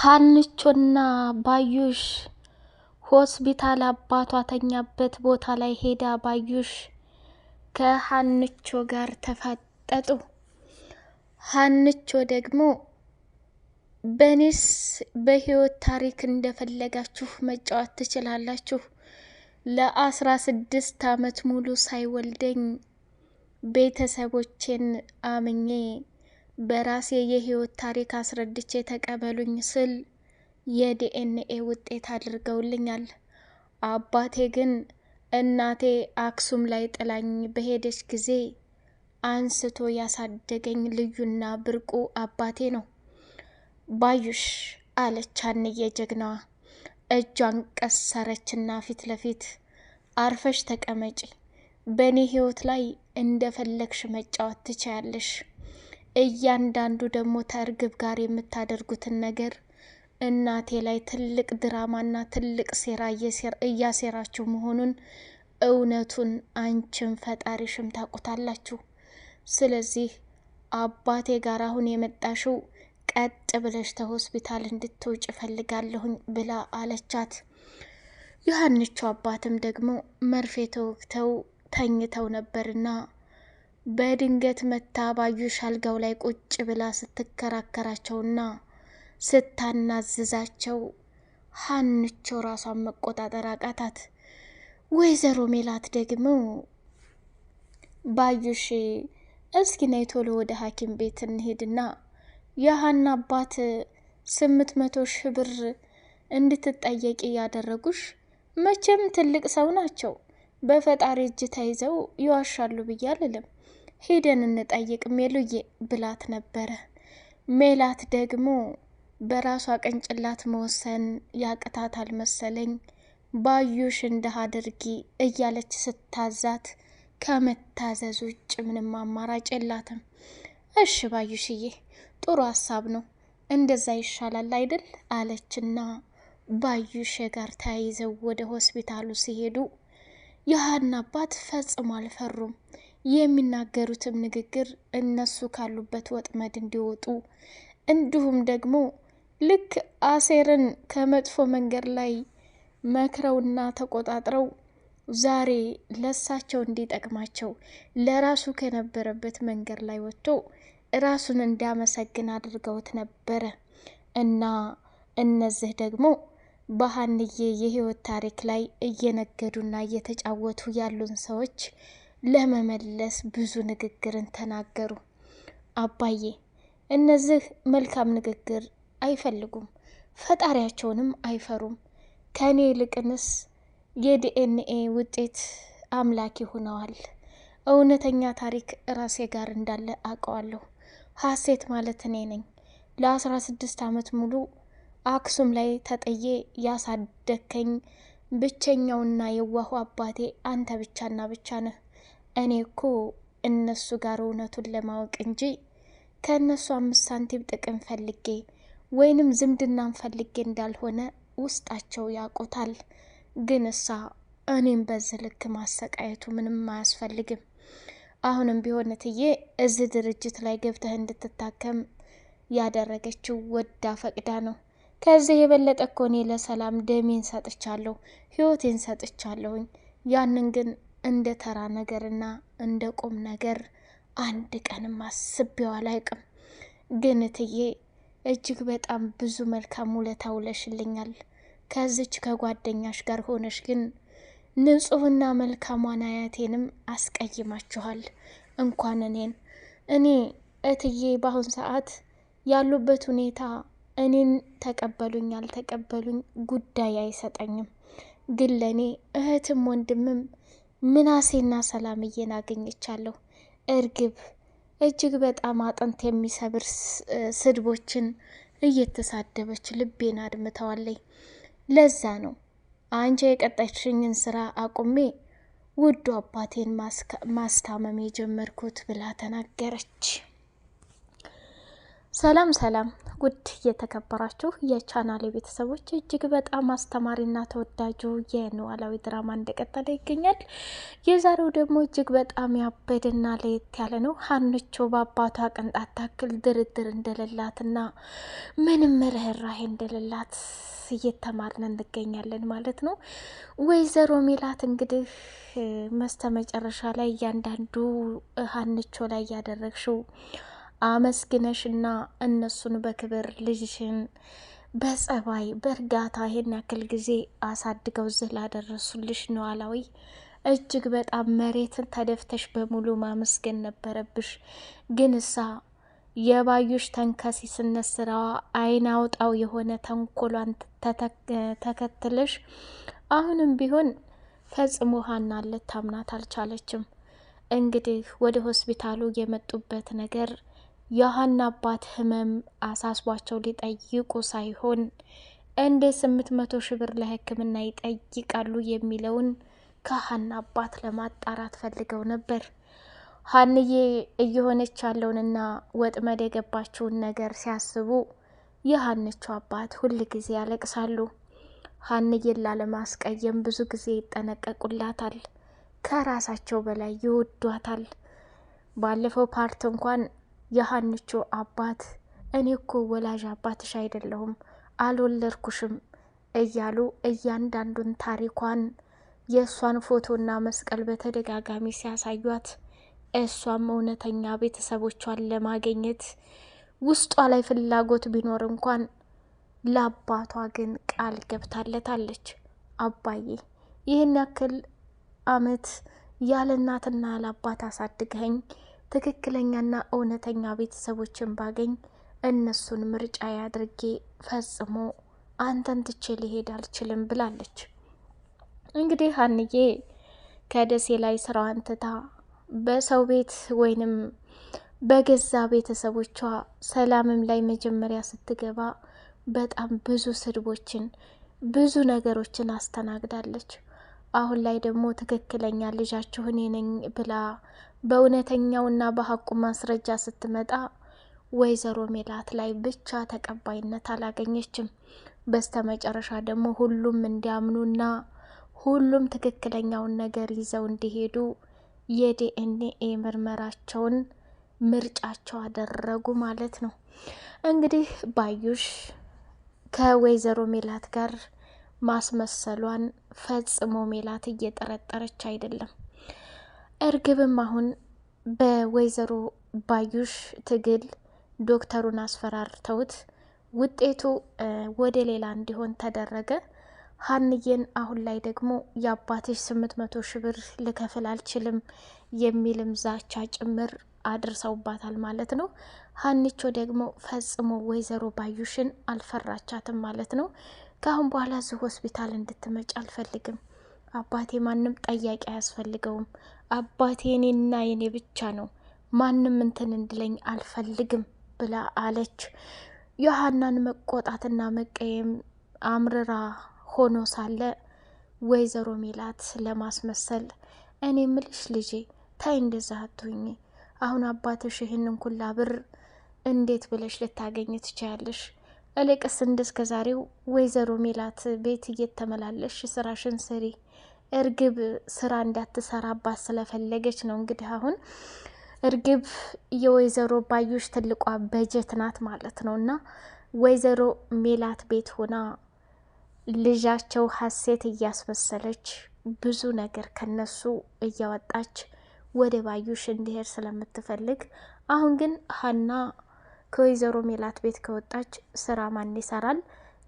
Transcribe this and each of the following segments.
ሀንቾና ባዩሽ ሆስፒታል አባቷ ተኛበት ቦታ ላይ ሄዳ ባዩሽ ከሀንቾ ጋር ተፋጠጡ። ሀንቾ ደግሞ በኔስ በህይወት ታሪክ እንደፈለጋችሁ መጫወት ትችላላችሁ፣ ለአስራ ስድስት አመት ሙሉ ሳይወልደኝ ቤተሰቦቼን አምኜ በራሴ የህይወት ታሪክ አስረድቼ ተቀበሉኝ ስል የዲኤንኤ ውጤት አድርገውልኛል። አባቴ ግን እናቴ አክሱም ላይ ጥላኝ በሄደች ጊዜ አንስቶ ያሳደገኝ ልዩና ብርቁ አባቴ ነው። ባዩሽ አለች አንዬ ጀግናዋ። እጇን ቀሰረችና ፊት ለፊት አርፈሽ ተቀመጪ፣ በእኔ ህይወት ላይ እንደፈለግሽ መጫወት ትችያለሽ። እያንዳንዱ ደግሞ ተእርግብ ጋር የምታደርጉትን ነገር እናቴ ላይ ትልቅ ድራማና ትልቅ ሴራ እያሴራችሁ መሆኑን እውነቱን አንቺም ፈጣሪሽም ታውቁታላችሁ። ስለዚህ አባቴ ጋር አሁን የመጣሽው ቀጥ ብለሽ ተሆስፒታል እንድትውጭ ፈልጋለሁኝ ብላ አለቻት። ዮሀንቹ አባትም ደግሞ መርፌ ተወግተው ተኝተው ነበርና በድንገት መታ ባዩሽ አልጋው ላይ ቁጭ ብላ ስትከራከራቸውና ስታናዝዛቸው ሀንቾ ራሷን መቆጣጠር አቃታት። ወይዘሮ ሜላት ደግሞ ባዩሽ እስኪ ነይ ቶሎ ወደ ሐኪም ቤት እንሄድና የሀና አባት ስምንት መቶ ሺህ ብር እንድትጠየቂ ያደረጉሽ መቼም ትልቅ ሰው ናቸው በፈጣሪ እጅ ተይዘው ይዋሻሉ ብዬ አልልም። ሄደን እንጠይቅ ሜሉዬ ብላት ነበረ። ሜላት ደግሞ በራሷ ቅንጭላት መወሰን ያቅታታል መሰለኝ። ባዩሽ እንደህ አድርጊ እያለች ስታዛት ከመታዘዝ ውጭ ምንም አማራጭ የላትም። እሺ ባዩሽዬ፣ ጥሩ ሀሳብ ነው፣ እንደዛ ይሻላል አይደል አለችና ባዩሽ ጋር ተያይዘው ወደ ሆስፒታሉ ሲሄዱ የሀና አባት ፈጽሞ አልፈሩም። የሚናገሩትም ንግግር እነሱ ካሉበት ወጥመድ እንዲወጡ እንዲሁም ደግሞ ልክ አሴርን ከመጥፎ መንገድ ላይ መክረውና ተቆጣጥረው ዛሬ ለሳቸው እንዲጠቅማቸው ለራሱ ከነበረበት መንገድ ላይ ወጥቶ ራሱን እንዲያመሰግን አድርገውት ነበረ እና እነዚህ ደግሞ በሀንዬ የህይወት ታሪክ ላይ እየነገዱና እየተጫወቱ ያሉን ሰዎች ለመመለስ ብዙ ንግግርን ተናገሩ። አባዬ እነዚህ መልካም ንግግር አይፈልጉም፣ ፈጣሪያቸውንም አይፈሩም። ከእኔ ይልቅንስ የዲኤንኤ ውጤት አምላክ ሆነዋል እውነተኛ ታሪክ ራሴ ጋር እንዳለ አውቀዋለሁ። ሀሴት ማለት እኔ ነኝ። ለአስራ ስድስት ዓመት ሙሉ አክሱም ላይ ተጥዬ ያሳደግከኝ ብቸኛውና የዋሁ አባቴ አንተ ብቻና ብቻ ነህ። እኔ እኮ እነሱ ጋር እውነቱን ለማወቅ እንጂ ከእነሱ አምስት ሳንቲም ጥቅም ፈልጌ ወይንም ዝምድናን ፈልጌ እንዳልሆነ ውስጣቸው ያውቁታል። ግን እሳ እኔም በዚህ ልክ ማሰቃየቱ ምንም አያስፈልግም። አሁንም ቢሆን እትዬ እዚህ ድርጅት ላይ ገብተህ እንድትታከም ያደረገችው ወዳ ፈቅዳ ነው። ከዚህ የበለጠ እኮ እኔ ለሰላም ደሜን ሰጥቻለሁ፣ ህይወቴን ሰጥቻለሁኝ። ያንን ግን እንደ ተራ ነገርና እንደ ቁም ነገር አንድ ቀንም አስቤው አላይቅም። ግን እትዬ እጅግ በጣም ብዙ መልካም ውለታ ውለሽልኛል። ከዚች ከጓደኛሽ ጋር ሆነሽ ግን ንጹህና መልካሟን አያቴንም አስቀይማችኋል። እንኳን እኔን እኔ እትዬ በአሁን ሰዓት ያሉበት ሁኔታ እኔን ተቀበሉኝ አልተቀበሉኝ ጉዳይ አይሰጠኝም። ግን ለእኔ እህትም ወንድምም ምናሴና ሰላምዬን አገኘቻለሁ። እርግብ እጅግ በጣም አጥንት የሚሰብር ስድቦችን እየተሳደበች ልቤን አድምተዋለኝ። ለዛ ነው አንቺ የቀጠችኝን ስራ አቁሜ ውዱ አባቴን ማስታመም የጀመርኩት ብላ ተናገረች። ሰላም ሰላም ውድ እየተከበራችሁ የቻናል ቤተሰቦች እጅግ በጣም አስተማሪና ተወዳጁ የኖላዊ ድራማ እንደቀጠለ ይገኛል። የዛሬው ደግሞ እጅግ በጣም ያበድና ለየት ያለ ነው። ሀንቾ በአባቷ ቅንጣት ታክል ድርድር እንደሌላትና ምንም ርህራሄ እንደሌላት እየተማርን እንገኛለን ማለት ነው። ወይዘሮ ሜላት እንግዲህ መስተ መጨረሻ ላይ እያንዳንዱ ሀንቾ ላይ እያደረግሽው አመስግነሽና እነሱን በክብር ልጅሽን በጸባይ በእርጋታ ይሄን ያክል ጊዜ አሳድገው ዝህ ላደረሱልሽ ኖላዊ እጅግ በጣም መሬትን ተደፍተሽ በሙሉ ማመስገን ነበረብሽ። ግን እሳ የባዩሽ ተንከሲስነት ስራዋ አይን አውጣው የሆነ ተንኮሏን ተከትለሽ አሁንም ቢሆን ፈጽሞ ሀናለት ታምናት አልቻለችም። እንግዲህ ወደ ሆስፒታሉ የመጡበት ነገር የሀና አባት ህመም አሳስቧቸው ሊጠይቁ ሳይሆን እንደ ስምንት መቶ ሺ ብር ለህክምና ይጠይቃሉ የሚለውን ከሀና አባት ለማጣራት ፈልገው ነበር። ሀንዬ እየሆነች ያለውንና ወጥመድ የገባችውን ነገር ሲያስቡ የሀንቸው አባት ሁል ጊዜ ያለቅሳሉ። ሀንዬን ላለማስቀየም ብዙ ጊዜ ይጠነቀቁላታል። ከራሳቸው በላይ ይወዷታል። ባለፈው ፓርት እንኳን የሀንቾ አባት እኔ እኮ ወላጅ አባትሽ አይደለሁም አልወለድኩሽም እያሉ እያንዳንዱን ታሪኳን የእሷን ፎቶና መስቀል በተደጋጋሚ ሲያሳዩት እሷም እውነተኛ ቤተሰቦቿን ለማግኘት ውስጧ ላይ ፍላጎት ቢኖር እንኳን ለአባቷ ግን ቃል ገብታለታለች። አባዬ ይህን ያክል አመት ያለ እናትና ያለ አባት አሳድገኝ ትክክለኛና እውነተኛ ቤተሰቦችን ባገኝ እነሱን ምርጫ ያድርጌ ፈጽሞ አንተን ትቼ ሊሄድ አልችልም ብላለች። እንግዲህ ሀንዬ ከደሴ ላይ ስራዋን ትታ በሰው ቤት ወይንም በገዛ ቤተሰቦቿ ሰላምም ላይ መጀመሪያ ስትገባ በጣም ብዙ ስድቦችን፣ ብዙ ነገሮችን አስተናግዳለች። አሁን ላይ ደግሞ ትክክለኛ ልጃችሁ እኔ ነኝ ብላ በእውነተኛውና በሀቁ ማስረጃ ስትመጣ ወይዘሮ ሜላት ላይ ብቻ ተቀባይነት አላገኘችም። በስተ መጨረሻ ደግሞ ሁሉም እንዲያምኑና ሁሉም ትክክለኛውን ነገር ይዘው እንዲሄዱ የዲኤንኤ ምርመራቸውን ምርጫቸው አደረጉ ማለት ነው። እንግዲህ ባዩሽ ከወይዘሮ ሜላት ጋር ማስመሰሏን ፈጽሞ ሜላት እየጠረጠረች አይደለም። እርግብም አሁን በወይዘሮ ባዩሽ ትግል ዶክተሩን አስፈራርተውት ውጤቱ ወደ ሌላ እንዲሆን ተደረገ። ሀንዬን አሁን ላይ ደግሞ የአባትሽ ስምንት መቶ ሺ ብር ልከፍል አልችልም የሚልም ዛቻ ጭምር አድርሰውባታል ማለት ነው። ሀንቾ ደግሞ ፈጽሞ ወይዘሮ ባዩሽን አልፈራቻትም ማለት ነው። ከአሁን በኋላ እዚህ ሆስፒታል እንድትመጭ አልፈልግም። አባቴ ማንም ጠያቂ አያስፈልገውም። አባቴ እኔና የኔ ብቻ ነው። ማንም እንትን እንድለኝ አልፈልግም ብላ አለች። የሀናን መቆጣትና መቀየም አምርራ ሆኖ ሳለ ወይዘሮ ሜላት ለማስመሰል እኔ ምልሽ ልጄ ታይ እንደዛ አትሁኝ። አሁን አባትሽ ይህንን ኩላ ብር እንዴት ብለሽ ልታገኝ ትችያለሽ? እልቅስ እንደስከ ዛሬው ወይዘሮ ሜላት ቤት እየተመላለሽ ስራሽን ስሪ። እርግብ ስራ እንዳትሰራባት ስለፈለገች ነው። እንግዲህ አሁን እርግብ የወይዘሮ ባዩሽ ትልቋ በጀት ናት ማለት ነው እና ወይዘሮ ሜላት ቤት ሆና ልጃቸው ሀሴት እያስመሰለች ብዙ ነገር ከነሱ እያወጣች ወደ ባዩሽ እንዲሄድ ስለምትፈልግ አሁን ግን ሀና ከወይዘሮ ሜላት ቤት ከወጣች ስራ ማን ይሰራል?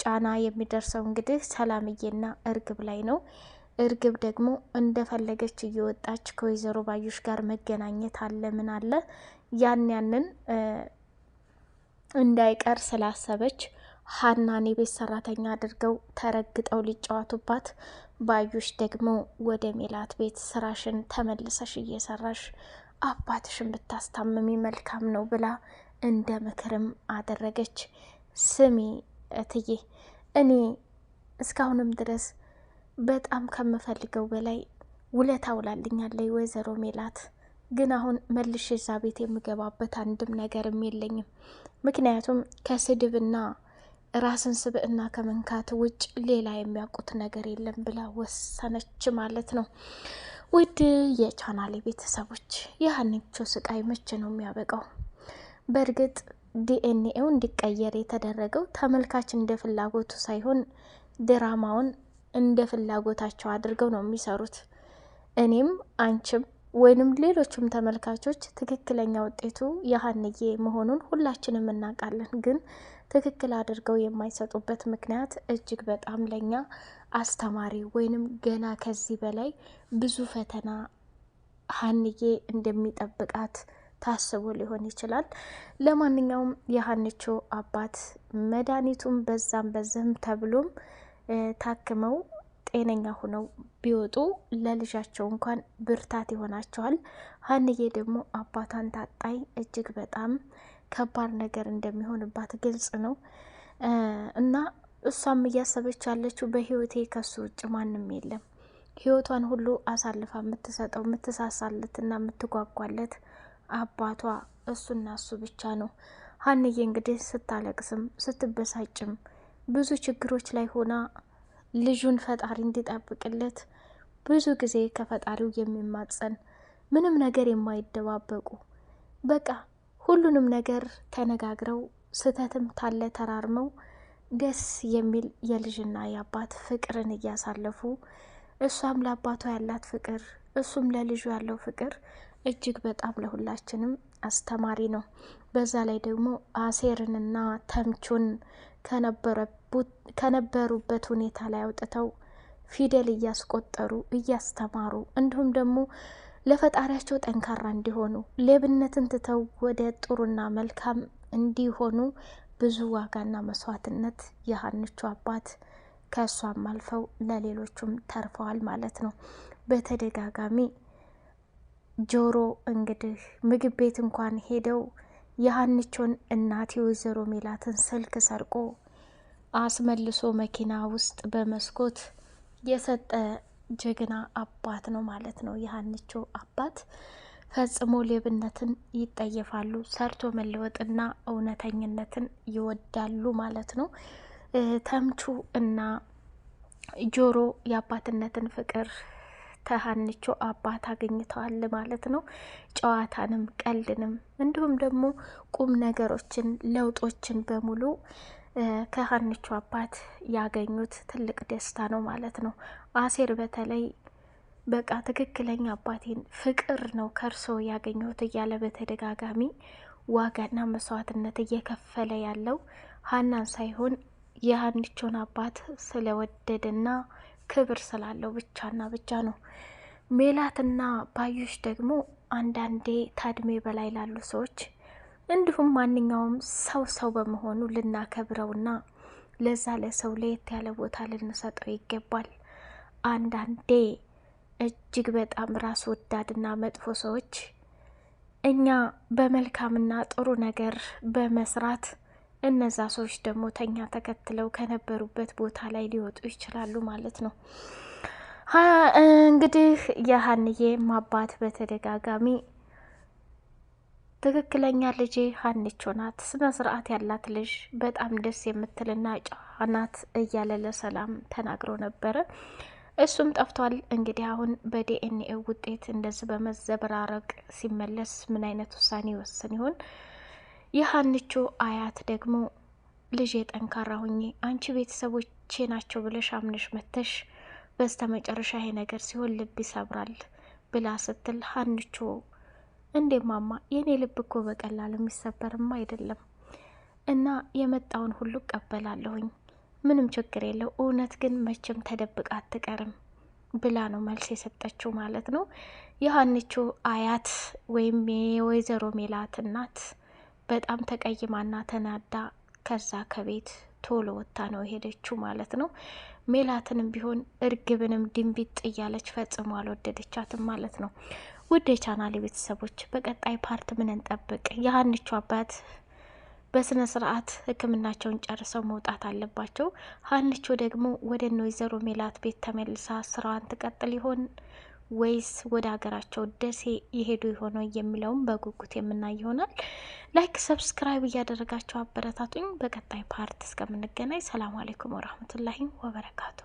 ጫና የሚደርሰው እንግዲህ ሰላምዬና እርግብ ላይ ነው። እርግብ ደግሞ እንደፈለገች እየወጣች ከወይዘሮ ባዩሽ ጋር መገናኘት አለ ምን አለ ያን ያንን እንዳይቀር ስላሰበች ሀናን የቤት ሰራተኛ አድርገው ተረግጠው ሊጫወቱባት፣ ባዩሽ ደግሞ ወደ ሜላት ቤት ስራሽን ተመልሰሽ እየሰራሽ አባትሽን ብታስታምሚ መልካም ነው ብላ እንደ ምክርም አደረገች። ስሚ እትዬ እኔ እስካሁንም ድረስ በጣም ከምፈልገው በላይ ውለታ ውላልኛለች ወይዘሮ ሜላት። ግን አሁን መልሽ እዛ ቤት የምገባበት አንድም ነገርም የለኝም። ምክንያቱም ከስድብና ራስን ስብዕና ከመንካት ውጭ ሌላ የሚያውቁት ነገር የለም ብላ ወሰነች ማለት ነው። ውድ የቻናሌ ቤተሰቦች የሀኒቾ ስቃይ መቼ ነው የሚያበቃው? በእርግጥ ዲኤንኤው እንዲቀየር የተደረገው ተመልካች እንደ ፍላጎቱ ሳይሆን ድራማውን እንደ ፍላጎታቸው አድርገው ነው የሚሰሩት። እኔም አንችም ወይንም ሌሎችም ተመልካቾች ትክክለኛ ውጤቱ የሀንዬ መሆኑን ሁላችንም እናውቃለን። ግን ትክክል አድርገው የማይሰጡበት ምክንያት እጅግ በጣም ለኛ አስተማሪ ወይንም ገና ከዚህ በላይ ብዙ ፈተና ሀንዬ እንደሚጠብቃት ታስቦ ሊሆን ይችላል። ለማንኛውም የሀንቾ አባት መድኃኒቱም በዛም በዝህም ተብሎም ታክመው ጤነኛ ሆነው ቢወጡ ለልጃቸው እንኳን ብርታት ይሆናቸዋል። ሀንዬ ደግሞ አባቷን ታጣይ እጅግ በጣም ከባድ ነገር እንደሚሆንባት ግልጽ ነው እና እሷም እያሰበች ያለችው በህይወቴ ከሱ ውጭ ማንም የለም ህይወቷን ሁሉ አሳልፋ የምትሰጠው የምትሳሳለት እና የምትጓጓለት አባቷ እሱና እሱ ብቻ ነው። ሀንዬ እንግዲህ ስታለቅስም ስትበሳጭም ብዙ ችግሮች ላይ ሆና ልጁን ፈጣሪ እንዲጠብቅለት ብዙ ጊዜ ከፈጣሪው የሚማጸን ምንም ነገር የማይደባበቁ በቃ ሁሉንም ነገር ተነጋግረው ስህተትም ታለ ተራርመው ደስ የሚል የልጅና የአባት ፍቅርን እያሳለፉ እሷም ለአባቷ ያላት ፍቅር እሱም ለልጁ ያለው ፍቅር እጅግ በጣም ለሁላችንም አስተማሪ ነው። በዛ ላይ ደግሞ አሴርንና ተምቹን ከነበሩበት ሁኔታ ላይ አውጥተው ፊደል እያስቆጠሩ እያስተማሩ እንዲሁም ደግሞ ለፈጣሪያቸው ጠንካራ እንዲሆኑ ሌብነትን ትተው ወደ ጥሩና መልካም እንዲሆኑ ብዙ ዋጋና መስዋዕትነት የሀንቹ አባት ከእሷም አልፈው ለሌሎቹም ተርፈዋል ማለት ነው በተደጋጋሚ ጆሮ እንግዲህ ምግብ ቤት እንኳን ሄደው የሀንቾን እናት የወይዘሮ ሜላትን ስልክ ሰርቆ አስመልሶ መኪና ውስጥ በመስኮት የሰጠ ጀግና አባት ነው ማለት ነው። የሀንቾ አባት ፈጽሞ ሌብነትን ይጠየፋሉ። ሰርቶ መለወጥና እውነተኝነትን ይወዳሉ ማለት ነው። ተምቹ እና ጆሮ የአባትነትን ፍቅር ተሀንቾ አባት አግኝተዋል ማለት ነው። ጨዋታንም ቀልድንም እንዲሁም ደግሞ ቁም ነገሮችን ለውጦችን በሙሉ ከሀንቾ አባት ያገኙት ትልቅ ደስታ ነው ማለት ነው። አሴር በተለይ በቃ ትክክለኛ አባቴን ፍቅር ነው ከእርሶ ያገኘሁት እያለ በተደጋጋሚ ዋጋና መስዋዕትነት እየከፈለ ያለው ሀናን ሳይሆን የሀንቾን አባት ስለወደደና ክብር ስላለው ብቻና ብቻ ነው። ሜላትና ባዩሽ ደግሞ አንዳንዴ ታድሜ በላይ ላሉ ሰዎች እንዲሁም ማንኛውም ሰው ሰው በመሆኑ ልናከብረውና ለዛ ለሰው ለየት ያለ ቦታ ልንሰጠው ይገባል። አንዳንዴ እጅግ በጣም ራስ ወዳድና መጥፎ ሰዎች እኛ በመልካምና ጥሩ ነገር በመስራት እነዛ ሰዎች ደግሞ ተኛ ተከትለው ከነበሩበት ቦታ ላይ ሊወጡ ይችላሉ ማለት ነው። እንግዲህ የሀንዬ ማባት በተደጋጋሚ ትክክለኛ ልጄ ሀንቾ ናት፣ ስነ ስርዓት ያላት ልጅ፣ በጣም ደስ የምትልና ጨዋ ናት እያለ ለሰላም ተናግሮ ነበረ። እሱም ጠፍቷል። እንግዲህ አሁን በዲኤንኤ ውጤት እንደዚህ በመዘበራረቅ ሲመለስ ምን አይነት ውሳኔ ይወስን ይሆን? የሀንቾ አያት ደግሞ ልጄ ጠንካራ ሁኜ አንቺ ቤተሰቦቼ ናቸው ብለሽ አምነሽ መተሽ በስተ መጨረሻ ይሄ ነገር ሲሆን ልብ ይሰብራል ብላ ስትል ሀንቾ እንዴ ማማ የእኔ ልብ እኮ በቀላል የሚሰበርም አይደለም እና የመጣውን ሁሉ እቀበላለሁኝ ምንም ችግር የለው እውነት ግን መቼም ተደብቃ አትቀርም ብላ ነው መልስ የሰጠችው ማለት ነው የሀንቾ አያት ወይም የወይዘሮ ሜላት እናት በጣም ተቀይማና ተናዳ ከዛ ከቤት ቶሎ ወታ ነው የሄደችው ማለት ነው። ሜላትንም ቢሆን እርግብንም ድንቢጥ እያለች ፈጽሞ አልወደደቻትም ማለት ነው። ውድ የቻናሌ ቤተሰቦች በቀጣይ ፓርት ምን እንጠብቅ? የሀንቹ አባት በስነ ስርዓት ሕክምናቸውን ጨርሰው መውጣት አለባቸው። ሀንቹ ደግሞ ወደ ወይዘሮ ሜላት ቤት ተመልሳ ስራዋን ትቀጥል ይሆን? ወይስ ወደ ሀገራቸው ደሴ ይሄዱ የሆነው የሚለውም በጉጉት የምናይ ይሆናል። ላይክ ሰብስክራይብ እያደረጋቸው አበረታቱኝ። በቀጣይ ፓርት እስከምንገናኝ ሰላም አሌይኩም ወራህመቱላሂ ወበረካቱ።